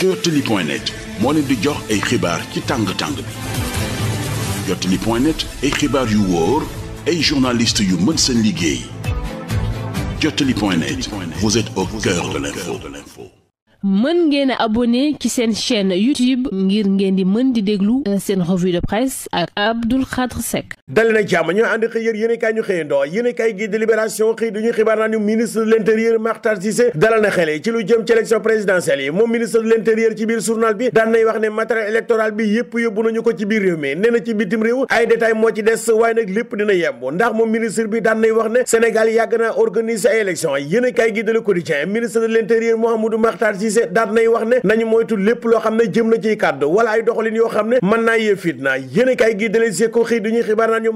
Jotali point net di jox ay xibaar ci tàng-tàng bi Jotali point net ay xibaar yu wóor ay journalistes yu mën seen liggéey Jotali point net vous êtes au cœur de l'info mën ngeen a abonné ci seen chaîne YouTube ngir ngeen di mën di déglu euh, seen revue de presse ak Abdou Khadre Seck dali jàmm ñoo ànd xëy yër yéen ñu xëyandoo yéen kaay gi di libération xëy duñu xibaar naa ñu ministre de l' intérieur Makhtar Cissé dalal na xel ci lu jëm ci élection présidentielle yi moom ministre de l' intérieur ci biir journal bi daan nay wax ne matériel électoral bi yépp yóbbu nañu ko ci biir réew mi nee na ci bitim réew ay détail moo ci des waaye nag lépp yàgg na organiser ay Cissé daat nay wax ne nañu moytu lépp loo xam ne jëm na ciy kàddu wala ay doxalin yoo xam ne mën naa yee fitna yéen kay dalee si ko xëy duñuy xibaar xibaar naan ñu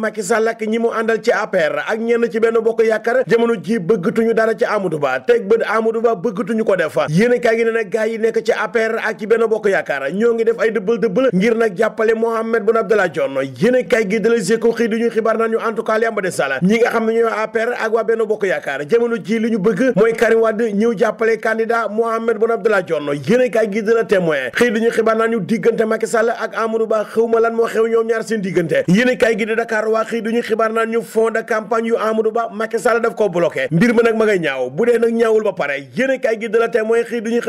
en ba des sala ñi nga xam ne ñooy APR ak waa benn bokk yaakaar jamono ji li ñu bëgg mooy Karim Wade ñëw jàppale candidat Mohamed Boun Abdoulaye Dione yéen kaay gi dina témoin xëy dañu xibaar naa ñu diggante Macky Sall ak Amadou Ba xew ma lan moo xew ñoom ko bloqué mbir ma nag ma ñaaw bu dee nag ñaawul ba pare yéen kaay gi dina témoin xëy dañu ñu a a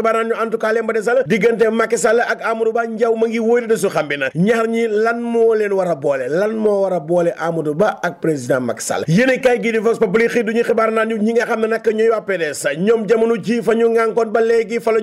xibaar naa ñu ñi nga xam ne nag ñooy waa PDS ñoom jamono ji fa ñu ngànkoon ba léegi fa la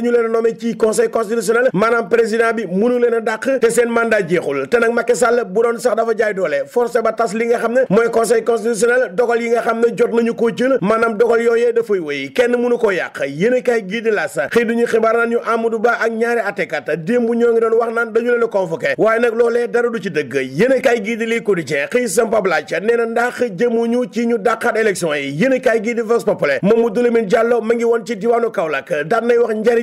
dañu leen a nommé ci conseil constitutionnel maanaam président bi mënu leen a dàq te seen mandat jeexul te nag Macky Sall bu doon sax dafa jaay doole forcé ba tas li nga xam ne mooy conseil constitutionnel dogal yi nga xam ne jot nañu koo jël maanaam dogal yooyee dafay wéy kenn mënu koo yàq yéen a kaay gii di laas xëy duñu xibaar naan ñu Amadou Ba ak ñaari atekat démb ñoo ngi doon wax naan dañu leen a convoqué waaye nag loolee dara du ci dëgg yéen a yi yéen a kaay gii di Vox Populi Mamadou Lamine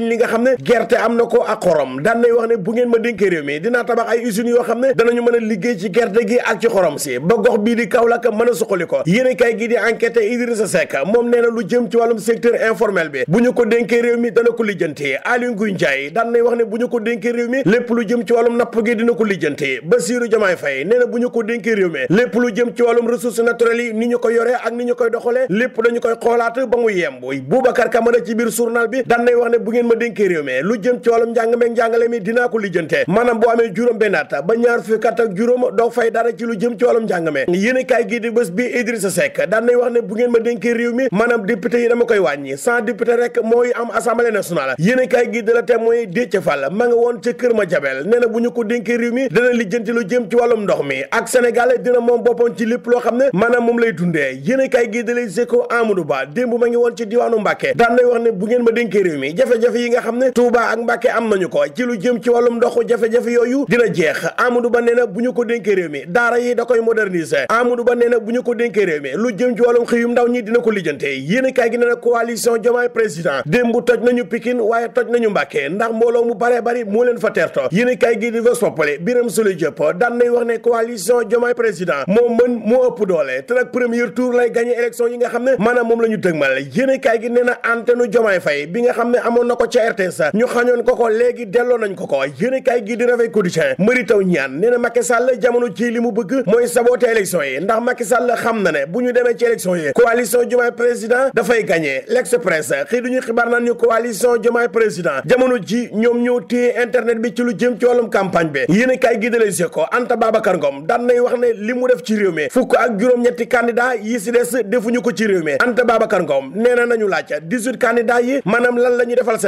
li nga xam ne gerte am na ko ak xorom daan nay wax ne bu ngeen ma dénkee réew mi dinaa tabax ay usines yoo xam ne danañu mën a liggéey ci gerte gi ak ci xorom si ba gox bii di Kaolack mën a suqali ko yéen kay gi di enquête Idrissa Seck moom nee lu jëm ci wàllum secteur informel bi bu ñu ko dénkee réew mi dana ko lijjanti Aliou Ngouille Ndiaye daan nay wax ne bu ñu ko dénkee mi lépp lu jëm ci wàllum napp gi dina ko lijjanti na bu ñu ko dénkee réew mi lépp lu jëm ci wàllum ressources naturelles yi ko yoree ak ni ñu koy doxalee lépp dañu koy xoolaat ba mu yemb Boubacar Camara ci biir journal dénkee réew mi lu jëm ci wàllum njàng meeg njàngale mi dinaa ko lijjante maanaam boo amee juróom benn at ba ñaar fukki at ak juróom doo fay dara ci lu jëm ci wàllum njàng me gii di bés bi wax ne bu ngeen ma dénkee réew mi maanaam député yi dama koy wàññi sans député rek mooy am assemblée nationale yéen kaay gii di la témoin Déthié Fall ma nga woon ca Kër Madiabel nee na bu ñu ko dénkee réew mi dana lijjanti lu jëm ci loo xam ne maanaam moom lay dundee yéen kaay gii di Les Échos Amadou Ba démb ma ngi woon ci diwaanu Mbàkke daan nay wax ne bu ngeen ma dénkee réew mi jafe-jafe yi nga xam ne ak Mbàkke am nañu ko ci lu jëm ci wàllum ndoxu jafe-jafe yooyu dina jeex Amadou Ba nee bu ñu ko dénkee réew mi daara yi da koy moderniser Amadou Ba nee bu ñu ko dénkee mi lu jëm ci wàllum xëyum ndaw ñi dina ko lijjante yéen kaay gi nee na coalition Diomaye président démb toj nañu Pikine waaye toj nañu Mbàkke ndax mbooloo mu baree bari moo leen fa teerto yéen kaay gi di fa soppale Birame Souleye Diop daan nay wax ne coalition Diomaye président moo mën la ñu dëgmal yéen ca RTS ñu xañoon ko ko léegi delloo nañ ko ko yéenekaay gi di Réveil Quotidien Mary Teuw Niane nee na jamono ji li mu bëgg mooy saboter élection yi ndax Macky Sall xam na ne bu ñu demee ci élection yi coalition Diomaye président dafay gagné l'Express xëy duñu xibaar naan ñu coalition Diomaye président jamono ji ñoom ñoo téye internet bi ci lu jëm ci wàllum campagne bi yéenekaay gi di Les Échos Anta Babacar Ngom daan wax ne li mu def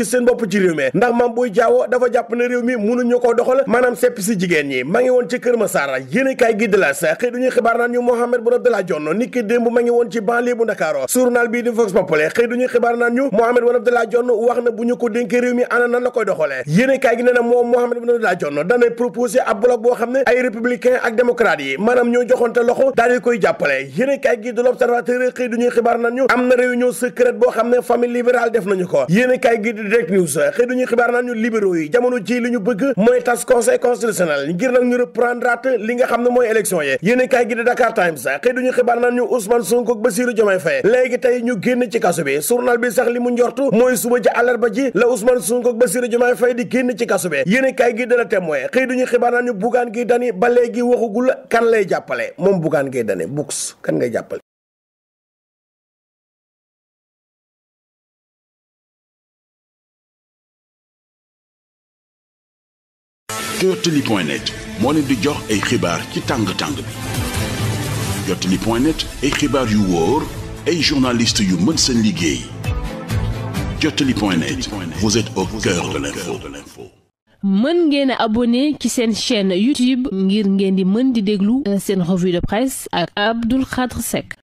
gis seen bopp ci réew mi ndax Mame Boye Diao dafa jàpp ne réew mi mënuñu doxal maanaam sepp si jigéen ñi ma ngi woon ci Kër Massar yéene kaay gi de la sa xëy duñuy xibaar xibaar naan ñu am na réunion secrète boo xam ne famille libérale def nañu ko yéene kaay gi direct news xëy dañuy xibaar naan ñu libéraux yi jamono ji li ñu bëgg mooy tas conseil constitutionnel ngir nag ñu reprendre at li nga xam ne mooy élection yi yéen kaay gi di Dakar Times xëy duñu xibaar naan ñu Ousmane Sonko ak Bassirou Diomaye Faye léegi tey ñu génn ci kaso bi journal bi sax li mu njortu mooy suba ji àllarba ji la Ousmane Sonko ak Bassirou Diomaye Faye di génn ci kaso bi yéen kaay gi di la témoin xëy duñu xibaar naan ñu Bougane Gueye Dany ba léegi waxugul kan lay jàppale moom Bougane Gueye Dany kan ngay jàppale Jotali point moo leen jox ay xibaar ci tàng-tàng bi Jotali xibaar yu wóor ay journalistes yu mën seen liggéey Jotali point net vous êtes au cœur de abonné ci seen chaîne YouTube ngir ngeen di mën di déglu seen revue de presse ak Abdou Khadre Seck